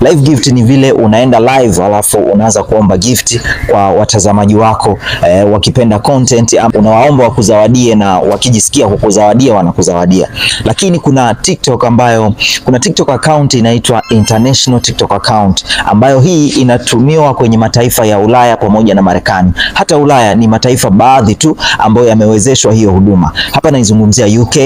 Live gift ni vile unaenda live alafu unaanza kuomba gift kwa watazamaji wako e, wakipenda content unawaomba wakuzawadie, na wakijisikia kukuzawadia wanakuzawadia. Lakini kuna TikTok ambayo kuna TikTok account inaitwa International TikTok account ambayo hii inatumiwa kwenye mataifa ya Ulaya pamoja na Marekani. Hata Ulaya ni mataifa baadhi tu ambayo yamewezeshwa hiyo huduma. Hapa naizungumzia UK,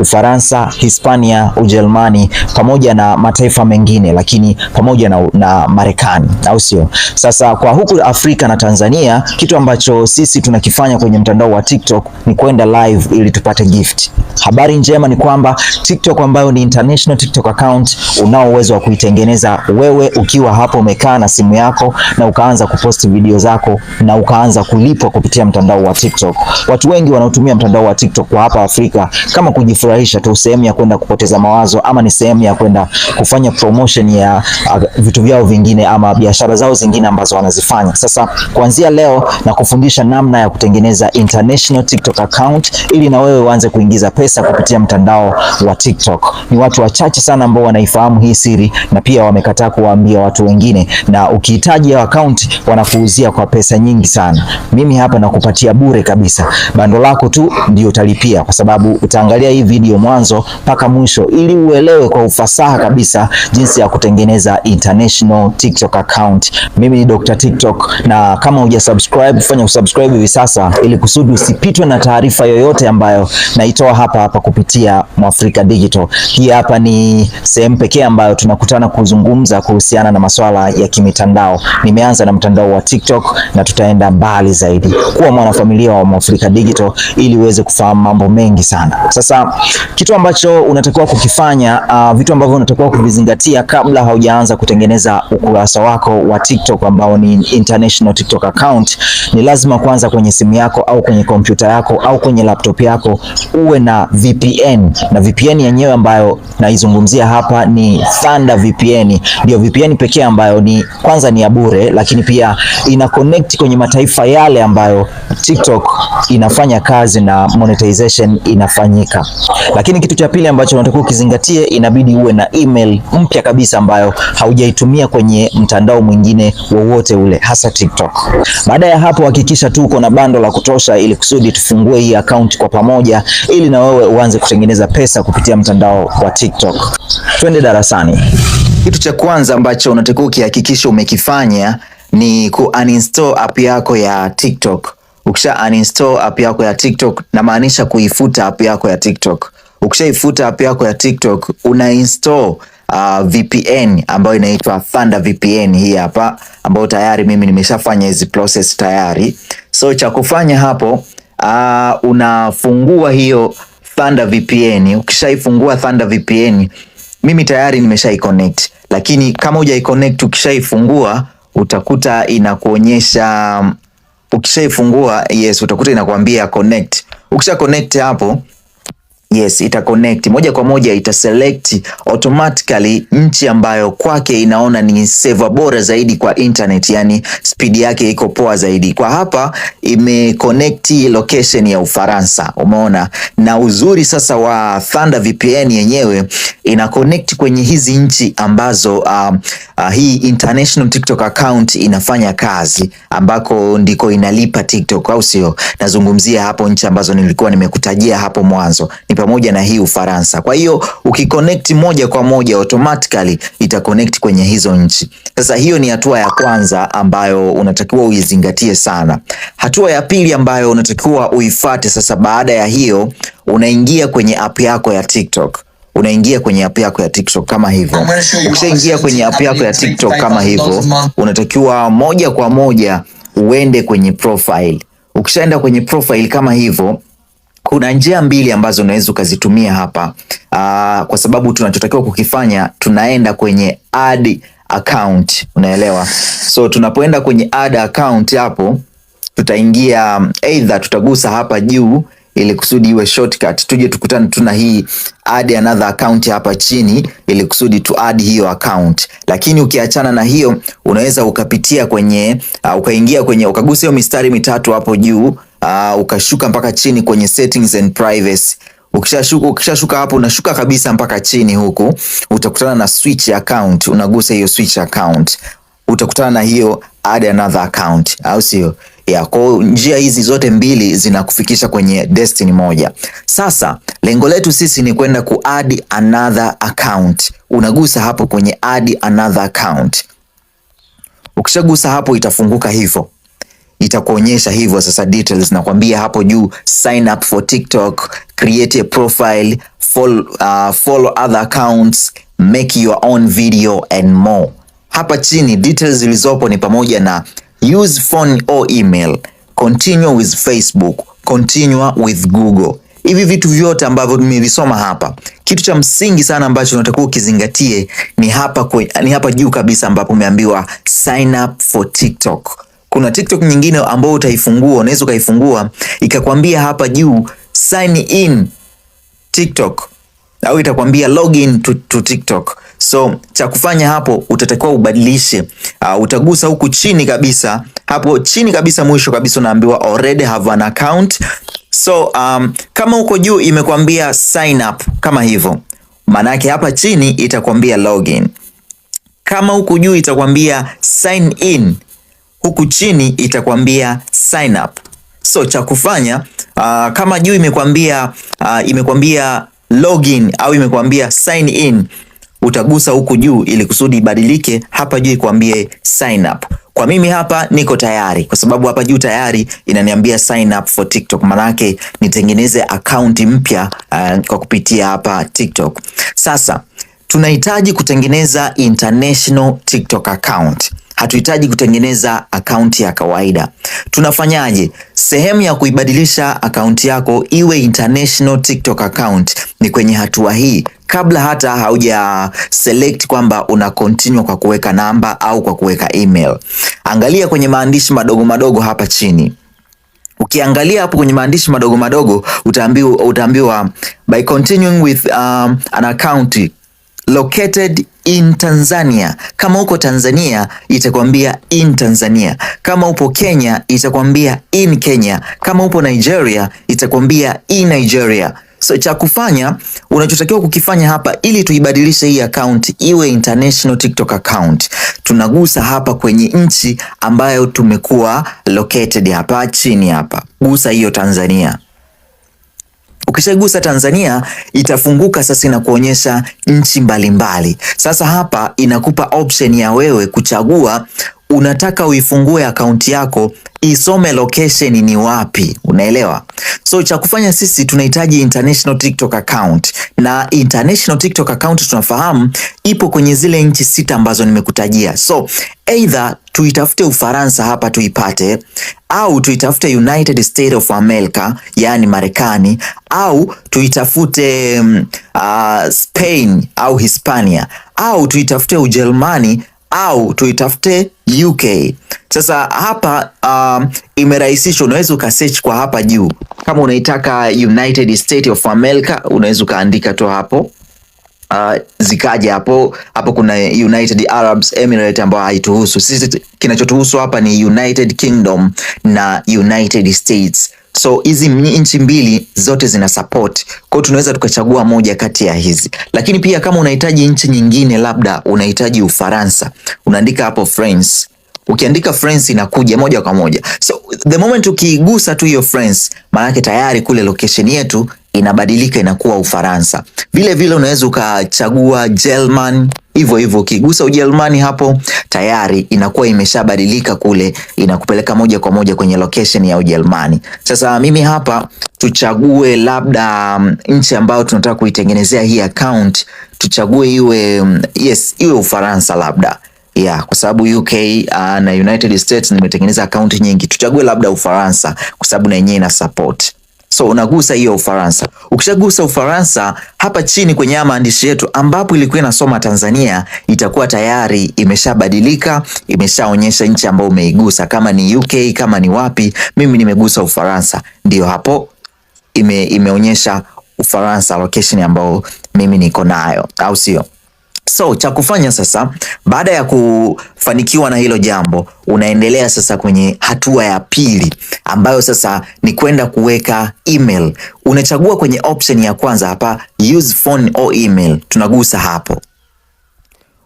Ufaransa, Hispania, Ujerumani pamoja na mataifa mengine lakini pamoja na, na Marekani au sio? Sasa kwa huku Afrika na Tanzania, kitu ambacho sisi tunakifanya kwenye mtandao wa TikTok ni kwenda live ili tupate gift. Habari njema ni kwamba TikTok ambayo ni international TikTok account unao uwezo wa kuitengeneza wewe ukiwa hapo umekaa na simu yako na ukaanza kuposti video zako na ukaanza kulipwa kupitia mtandao wa TikTok. Watu wengi wanaotumia mtandao wa TikTok kwa hapa Afrika kama kujifurahisha tu, sehemu ya kwenda kupoteza mawazo ama ni sehemu ya kwenda kufanya promotion ya Uh, vitu vyao vingine ama biashara zao zingine ambazo wanazifanya. Sasa kuanzia leo na kufundisha namna ya kutengeneza international TikTok account ili na wewe uanze kuingiza pesa kupitia mtandao wa TikTok. Ni watu wachache sana ambao wanaifahamu hii siri na pia wamekataa kuwaambia watu wengine, na ukihitaji account wanakuuzia kwa pesa nyingi sana. Mimi hapa nakupatia bure kabisa, bando lako tu ndio utalipia, kwa sababu utaangalia hii video mwanzo mpaka mwisho ili uelewe kwa ufasaha kabisa jinsi ya kutengeneza International TikTok account. Mimi ni Dr. TikTok na kama hujasubscribe, fanya kusubscribe hivi sasa ili kusudi usipitwe na taarifa yoyote ambayo naitoa hapa hapa kupitia Mwafrika Digital. Hii hapa ni sehemu pekee ambayo tunakutana kuzungumza kuhusiana na masuala ya kimitandao. Nimeanza na mtandao wa TikTok na tutaenda mbali zaidi. Kuwa mwanafamilia wa Mwafrika Digital ili uweze kufahamu mambo mengi sana. Sasa kitu ambacho unatakiwa kukifanya, uh, vitu ambavyo unatakiwa kuvizingatia kabla haujaanza kuanza kutengeneza ukurasa wako wa TikTok ambao ni international TikTok account, ni lazima kwanza kwenye simu yako au kwenye kompyuta yako au kwenye laptop yako uwe na VPN, na VPN yenyewe ambayo naizungumzia hapa ni Thunder VPN. Ndio VPN pekee ambayo ni kwanza ni ya bure, lakini pia ina connect kwenye mataifa yale ambayo TikTok inafanya kazi na monetization inafanyika. Lakini kitu cha pili ambacho unatakiwa ukizingatie, inabidi uwe na email mpya kabisa ambayo haujaitumia kwenye mtandao mwingine wowote ule, hasa TikTok. Baada ya hapo, hakikisha tu uko na bando la kutosha, ili kusudi tufungue hii akaunti kwa pamoja, ili na wewe uanze kutengeneza pesa kupitia mtandao wa TikTok. Twende darasani. Kitu cha kwanza ambacho unatakiwa ukihakikisha umekifanya ni ku uninstall app yako ya TikTok. Ukisha uninstall app yako ya TikTok, namaanisha kuifuta app yako ya TikTok. Ukishaifuta app yako ya TikTok, una uh, VPN ambayo inaitwa Thunder VPN hii hapa, ambayo tayari mimi nimeshafanya hizi process tayari. So cha kufanya hapo uh, unafungua hiyo Thunder VPN. Ukishaifungua Thunder VPN, mimi tayari nimeshaiconnect, lakini kama hujaiconnect, ukishaifungua utakuta inakuonyesha ukishaifungua yes, utakuta inakuambia connect. Ukisha connect hapo Yes, ita connect moja kwa moja, ita select automatically nchi ambayo kwake inaona ni server bora zaidi kwa internet, yani speed yake iko poa zaidi. Kwa hapa ime connect location ya Ufaransa, umeona. Na uzuri sasa wa Thunder VPN yenyewe ina connect kwenye hizi nchi ambazo uh, uh, hii international TikTok account inafanya kazi, ambako ndiko inalipa TikTok, au sio? Nazungumzia hapo nchi ambazo nilikuwa nimekutajia hapo mwanzo. ni pamoja na hii Ufaransa. Kwa hiyo ukiconnect moja kwa moja automatically itaconnect kwenye hizo nchi. Sasa hiyo ni hatua ya kwanza ambayo unatakiwa uizingatie sana. Hatua ya pili ambayo unatakiwa uifate sasa, baada ya hiyo unaingia kwenye app yako ya TikTok unaingia kwenye app yako ya TikTok kama hivyo. Ukishaingia kwenye app yako ya TikTok kama hivyo, unatakiwa moja kwa moja uende kwenye profile. Ukishaenda kwenye profile kama hivyo kuna njia mbili ambazo unaweza ukazitumia hapa aa, ah, kwa sababu tunachotakiwa kukifanya tunaenda kwenye ad account, unaelewa? So tunapoenda kwenye ad account hapo tutaingia either tutagusa hapa juu ili kusudi iwe shortcut, tuje tukutane tuna hii add another account hapa chini, ili kusudi tu add hiyo account. Lakini ukiachana na hiyo, unaweza ukapitia kwenye uh, ukaingia kwenye ukagusa hiyo mistari mitatu hapo juu uh, ukashuka mpaka chini kwenye settings and privacy. Ukishashuka ukishashuka hapo unashuka kabisa mpaka chini huku, utakutana na switch account. Unagusa hiyo switch account, utakutana na hiyo add another account, au sio? Ya, kwa njia hizi zote mbili zinakufikisha kwenye destiny moja. Sasa lengo letu sisi ni kwenda ku add another account. Unagusa hapo kwenye add another account. Ukishagusa hapo itafunguka hivyo itakuonyesha hivyo sasa details, na nakwambia hapo juu, sign up for TikTok, create a profile, follow, uh, follow other accounts, make your own video and more. Hapa chini details zilizopo ni pamoja na use phone or email, continue with Facebook, continue with Google. Hivi vitu vyote ambavyo nimevisoma hapa, kitu cha msingi sana ambacho unatakiwa ukizingatie ni hapa, ni hapa juu kabisa ambapo umeambiwa sign up for TikTok kuna TikTok nyingine ambayo utaifungua, unaweza ukaifungua ikakwambia hapa juu sign in TikTok au itakwambia login to, to TikTok. So cha kufanya hapo utatakiwa ubadilishe. Uh, utagusa huku chini kabisa, hapo chini kabisa mwisho kabisa unaambiwa already have an account. So um, kama huko juu imekwambia sign up kama hivyo, maana yake hapa chini itakwambia login. Kama huku juu itakwambia sign in huku chini itakwambia sign up. So cha kufanya uh, kama juu imekwambia uh, imekwambia login au imekwambia sign in, utagusa huku juu ili kusudi ibadilike hapa juu ikwambie sign up. Kwa mimi hapa niko tayari kwa sababu hapa juu tayari inaniambia sign up for TikTok, manake nitengeneze akaunti mpya uh, kwa kupitia hapa TikTok. Sasa tunahitaji kutengeneza international TikTok account hatuhitaji kutengeneza akaunti ya kawaida. Tunafanyaje? Sehemu ya kuibadilisha akaunti yako iwe international TikTok account ni kwenye hatua hii, kabla hata hauja select kwamba una continue kwa kuweka namba au kwa kuweka email. Angalia kwenye maandishi madogo madogo hapa chini. Ukiangalia hapo kwenye maandishi madogo madogo utaambiwa, utaambiwa by continuing with um, an account located in Tanzania. Kama uko Tanzania itakwambia in Tanzania. Kama upo Kenya itakwambia in Kenya. Kama upo Nigeria itakwambia in Nigeria. So, cha kufanya unachotakiwa kukifanya hapa ili tuibadilishe hii account iwe international TikTok account, tunagusa hapa kwenye nchi ambayo tumekuwa located hapa chini hapa, gusa hiyo Tanzania. Ukishaigusa Tanzania itafunguka sasa, inakuonyesha nchi mbalimbali mbali. Sasa hapa inakupa option ya wewe kuchagua unataka uifungue akaunti yako isome location ni wapi, unaelewa? So cha kufanya sisi tunahitaji international TikTok account, na international TikTok account tunafahamu ipo kwenye zile nchi sita ambazo nimekutajia. So either tuitafute Ufaransa hapa tuipate, au tuitafute United States of America, yani Marekani, au tuitafute uh, Spain au Hispania, au tuitafute Ujerumani au tuitafute UK. Sasa hapa um, imerahisishwa, unaweza ukasearch kwa hapa juu. Kama unaitaka United States of America unaweza ukaandika tu hapo uh, zikaja hapo hapo. Kuna United Arab Emirates ambayo haituhusu sisi, kinachotuhusu hapa ni United Kingdom na United States. So hizi nchi mbili zote zina support, kwa tunaweza tukachagua moja kati ya hizi, lakini pia kama unahitaji nchi nyingine, labda unahitaji Ufaransa, unaandika hapo France. Ukiandika France inakuja moja kwa moja. So the moment ukiigusa tu hiyo France, maanake tayari kule location yetu inabadilika inakuwa Ufaransa. Vile vile unaweza ukachagua German hivyo hivyo. Ukigusa Ujerumani hapo tayari inakuwa imeshabadilika kule, inakupeleka moja kwa moja kwenye location ya Ujerumani. Sasa mimi hapa tuchague labda mm, nchi ambayo tunataka kuitengenezea hii account, tuchague iwe mm, yes, iwe Ufaransa labda Yeah, kwa sababu UK uh, ah, na United States nimetengeneza account nyingi, tuchague labda Ufaransa kwa sababu na yenyewe ina support. So unagusa hiyo Ufaransa. Ukishagusa Ufaransa hapa chini kwenye haya maandishi yetu ambapo ilikuwa inasoma Tanzania itakuwa tayari imeshabadilika, imeshaonyesha nchi ambayo umeigusa, kama ni UK, kama ni wapi. Mimi nimegusa Ufaransa, ndio hapo ime, imeonyesha Ufaransa location ambayo mimi niko nayo, au sio? So cha kufanya sasa, baada ya kufanikiwa na hilo jambo, unaendelea sasa kwenye hatua ya pili ambayo sasa ni kwenda kuweka email. Unachagua kwenye option ya kwanza hapa, use phone or email, tunagusa hapo.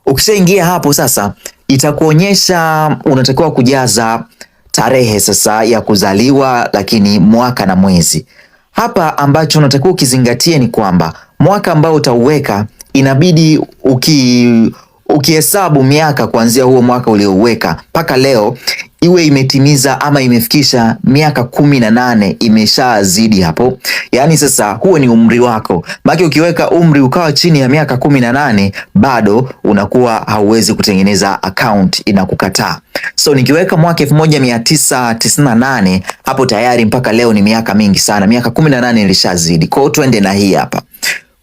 Ukishaingia hapo sasa, itakuonyesha unatakiwa kujaza tarehe sasa ya kuzaliwa, lakini mwaka na mwezi. Hapa ambacho unatakiwa ukizingatie ni kwamba mwaka ambao utauweka inabidi uki ukihesabu miaka kuanzia huo mwaka uliouweka mpaka leo iwe imetimiza ama imefikisha miaka kumi na nane imeshazidi hapo. Yaani sasa huo ni umri wako, maki ukiweka umri ukawa chini ya miaka kumi na nane bado unakuwa hauwezi kutengeneza account, inakukataa. So nikiweka mwaka elfu moja mia tisa tisini na nane hapo tayari mpaka leo ni miaka mingi sana, miaka kumi na nane ilishazidi. Kwa hiyo twende na hii hapa.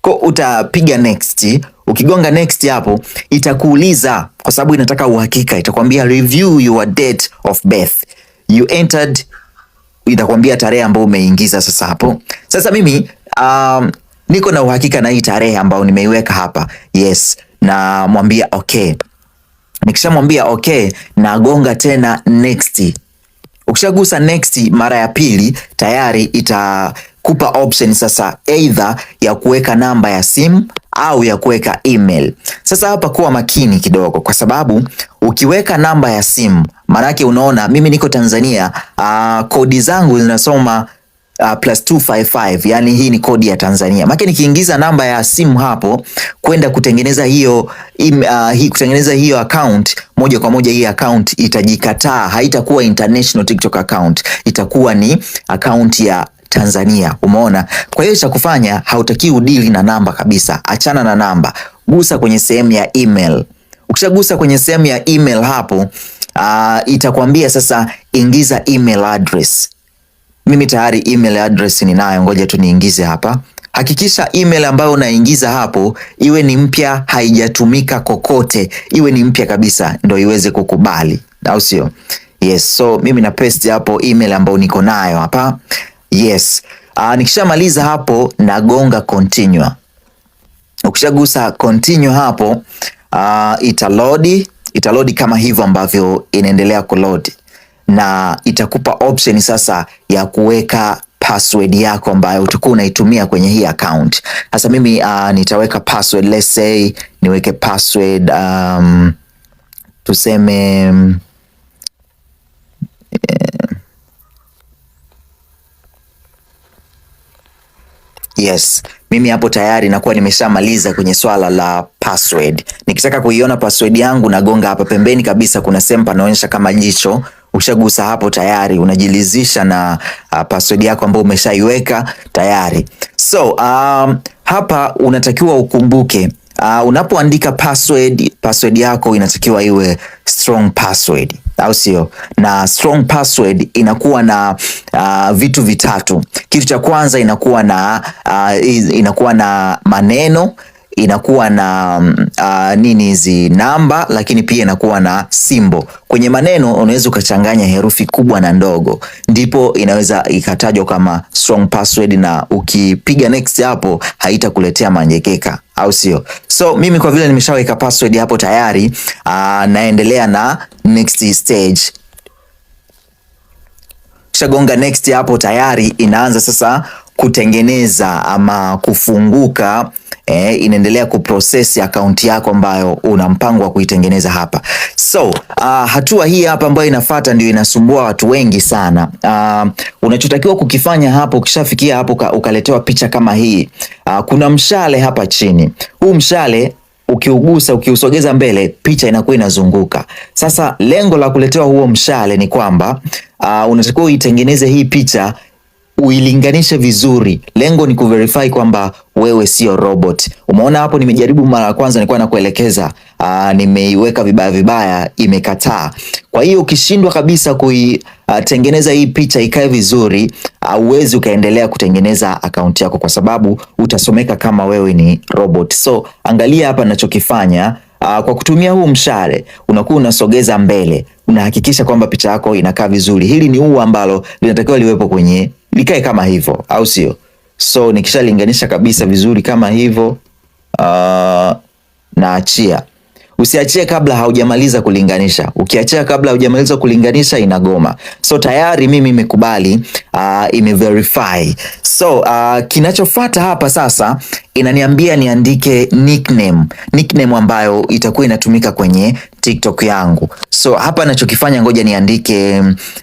Kwa utapiga next, ukigonga next hapo itakuuliza kwa sababu inataka uhakika, itakwambia review your date of birth you entered, itakwambia tarehe ambayo umeingiza sasa hapo. Sasa mimi um, niko na uhakika na hii tarehe ambayo nimeiweka hapa yes, na mwambia okay. Nikishamwambia okay, nagonga tena next. Ukishagusa next mara ya pili tayari ita wamekupa option sasa either ya kuweka namba ya simu au ya kuweka email. Sasa hapa kuwa makini kidogo, kwa sababu ukiweka namba ya simu maanake, unaona mimi niko Tanzania, uh, kodi zangu zinasoma Uh, plus 255 yani, hii ni kodi ya Tanzania. Maana nikiingiza namba ya simu hapo kwenda kutengeneza hiyo im, uh, hi, kutengeneza hiyo account moja kwa moja, hii account itajikataa, haitakuwa international TikTok account, itakuwa ni account ya Tanzania. Umeona? Kwa hiyo cha kufanya hautaki udili na namba kabisa, achana na namba, gusa kwenye sehemu ya email. Ukishagusa kwenye sehemu ya email hapo, uh, itakwambia sasa ingiza email address. Mimi tayari email address ninayo, ngoja tu niingize hapa. Hakikisha email ambayo unaingiza hapo iwe ni mpya, haijatumika kokote, iwe ni mpya kabisa ndo iweze kukubali, au sio? Yes, so mimi na paste hapo email ambayo niko nayo hapa. Yes. Uh, nikishamaliza hapo nagonga continue. Ukishagusa continue hapo uh, italodi italodi kama hivyo ambavyo inaendelea kulod na itakupa option sasa ya kuweka password yako ambayo utakuwa unaitumia kwenye hii account. Sasa mimi uh, nitaweka password, let's say niweke password um, tuseme eh, Yes, mimi hapo tayari nakuwa nimeshamaliza kwenye swala la password. Nikitaka kuiona password yangu nagonga hapa pembeni kabisa, kuna sehemu panaonyesha kama jicho. ushagusa hapo tayari unajilizisha na uh, password yako ambayo umeshaiweka tayari. So um, hapa unatakiwa ukumbuke uh, unapoandika password, password yako inatakiwa iwe strong password au sio? Na strong password inakuwa na uh, vitu vitatu. Kitu cha kwanza inakuwa na uh, inakuwa na maneno inakuwa na uh, nini hizi namba, lakini pia inakuwa na simbo. Kwenye maneno unaweza ukachanganya herufi kubwa na ndogo, ndipo inaweza ikatajwa kama strong password, na ukipiga next hapo haitakuletea manjekeka, au sio? So mimi kwa vile nimeshaweka password hapo tayari, uh, naendelea na next stage shagonga next hapo tayari, inaanza sasa kutengeneza ama kufunguka e, inaendelea kuprocess akaunti yako ambayo una mpango wa kuitengeneza hapa. So, uh, hatua hii hapa ambayo inafata ndio inasumbua watu wengi sana. Uh, unachotakiwa kukifanya hapo, ukishafikia hapo ukaletewa picha kama hii. Uh, kuna mshale hapa chini. Huu mshale ukiugusa ukiusogeza mbele, picha inakuwa inazunguka. Sasa lengo la kuletewa huo mshale ni kwamba uh, unatakiwa uitengeneze hii picha uilinganishe vizuri. Lengo ni kuverify kwamba wewe sio robot. Umeona hapo, nimejaribu mara ya kwanza, nilikuwa nakuelekeza, ah, nimeiweka vibaya vibaya, imekataa. Kwa hiyo ukishindwa kabisa kuitengeneza ah, hii picha ikae vizuri, hauwezi ukaendelea kutengeneza akaunti yako, kwa sababu utasomeka kama wewe ni robot. So angalia hapa ninachokifanya. Uh, kwa kutumia huu mshale unakuwa unasogeza mbele, unahakikisha kwamba picha yako inakaa vizuri. Hili ni ua ambalo linatakiwa liwepo kwenye likae kama hivyo, au sio? So nikishalinganisha kabisa vizuri kama hivyo, uh, naachia. Usiachie kabla haujamaliza kulinganisha. Ukiachia kabla haujamaliza kulinganisha inagoma. So tayari mimi imekubali, uh, imeverify. So uh, kinachofuata hapa sasa inaniambia niandike nickname, nickname ambayo itakuwa inatumika kwenye TikTok yangu. So hapa nachokifanya, ngoja niandike,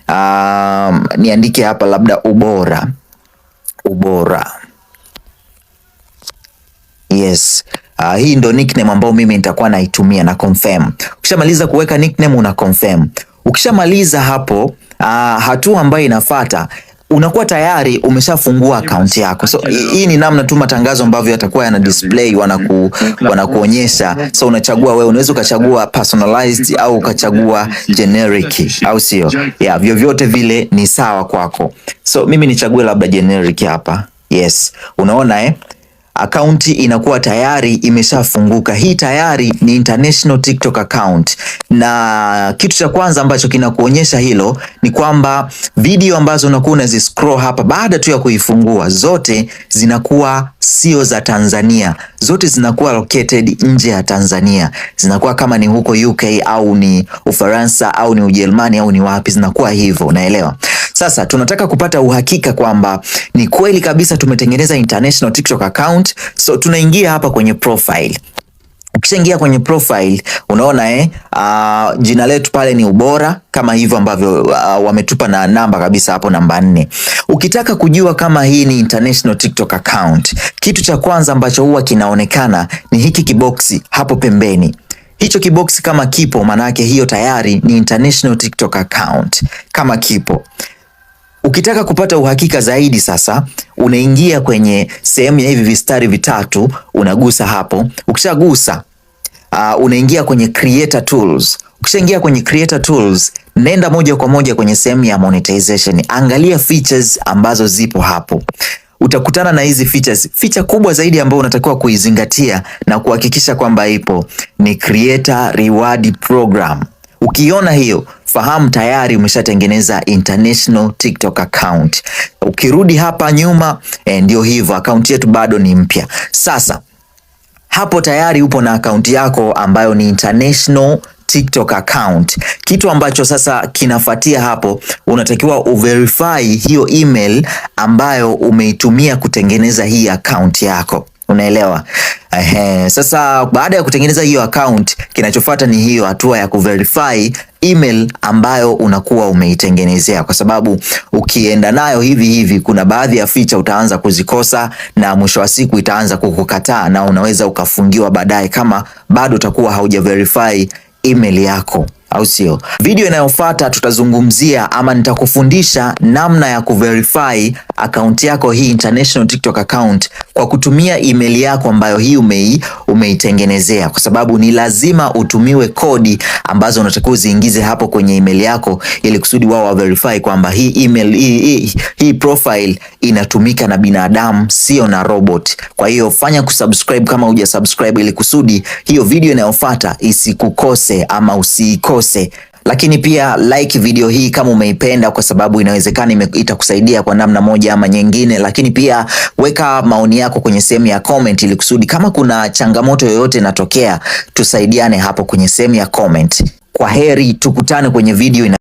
uh, niandike hapa labda ubora ubora. Yes. Uh, hii ndo nickname ambayo mimi nitakuwa naitumia na confirm. Ukishamaliza kuweka nickname una confirm. Ukishamaliza hapo, uh, hatua ambayo inafata unakuwa tayari umeshafungua akaunti yako. So hii ni namna tu matangazo ambavyo yatakuwa yana display, wanaku wanakuonyesha. So unachagua wewe, unaweza ukachagua personalized au ukachagua generic, au sio? Yeah, vyovyote vile ni sawa kwako. So mimi nichague labda generic hapa. Yes, unaona eh? akaunti inakuwa tayari imeshafunguka. Hii tayari ni international TikTok account, na kitu cha kwanza ambacho kinakuonyesha hilo ni kwamba video ambazo unakuwa unazi scroll hapa, baada tu ya kuifungua, zote zinakuwa sio za Tanzania, zote zinakuwa located nje ya Tanzania, zinakuwa kama ni huko UK au ni Ufaransa au ni Ujerumani au ni wapi, zinakuwa hivyo, unaelewa. Sasa tunataka kupata uhakika kwamba ni kweli kabisa tumetengeneza international TikTok account, so tunaingia hapa kwenye profile. Ukishaingia kwenye profile unaona eh, uh, jina letu pale ni ubora kama hivyo ambavyo uh, wametupa na namba kabisa hapo, namba nne. Ukitaka kujua kama hii ni international TikTok account, kitu cha kwanza ambacho huwa kinaonekana ni hiki kiboksi hapo pembeni. Hicho kiboksi kama kipo, maana yake hiyo tayari ni international TikTok account kama kipo. Ukitaka kupata uhakika zaidi sasa, unaingia kwenye sehemu ya hivi vistari vitatu, unagusa hapo. Ukishagusa uh, unaingia kwenye creator tools. Ukishaingia kwenye creator tools, nenda moja kwa moja kwenye sehemu ya monetization, angalia features ambazo zipo hapo utakutana na hizi features. Feature kubwa zaidi ambayo unatakiwa kuizingatia na kuhakikisha kwamba ipo ni creator reward program. Ukiona hiyo fahamu tayari umeshatengeneza international TikTok account. Ukirudi hapa nyuma eh, ndio hivyo, akaunti yetu bado ni mpya. Sasa hapo tayari upo na akaunti yako ambayo ni international TikTok account. Kitu ambacho sasa kinafuatia hapo, unatakiwa uverify hiyo email ambayo umeitumia kutengeneza hii account yako. Unaelewa? Ehe. Sasa baada ya kutengeneza hiyo account, kinachofuata ni hiyo hatua ya kuverify email ambayo unakuwa umeitengenezea, kwa sababu ukienda nayo hivi hivi, kuna baadhi ya feature utaanza kuzikosa na mwisho wa siku itaanza kukukataa na unaweza ukafungiwa baadaye, kama bado utakuwa hauja verify email yako au sio? Video inayofuata tutazungumzia ama nitakufundisha namna ya kuverify akaunti yako hii international TikTok account kwa kutumia email yako ambayo hii umei, umeitengenezea kwa sababu ni lazima utumiwe kodi ambazo unatakiwa uziingize hapo kwenye email yako ili kusudi wao wa verify kwamba hii email hii, hii, hii profile inatumika na binadamu sio na robot. Kwa hiyo fanya kusubscribe kama hujasubscribe ili kusudi hiyo video inayofuata isikukose ama usiikose lakini pia like video hii kama umeipenda, kwa sababu inawezekana itakusaidia kwa namna moja ama nyingine, lakini pia weka maoni yako kwenye sehemu ya comment, ili kusudi kama kuna changamoto yoyote inatokea tusaidiane hapo kwenye sehemu ya comment. Kwa heri, tukutane kwenye video ina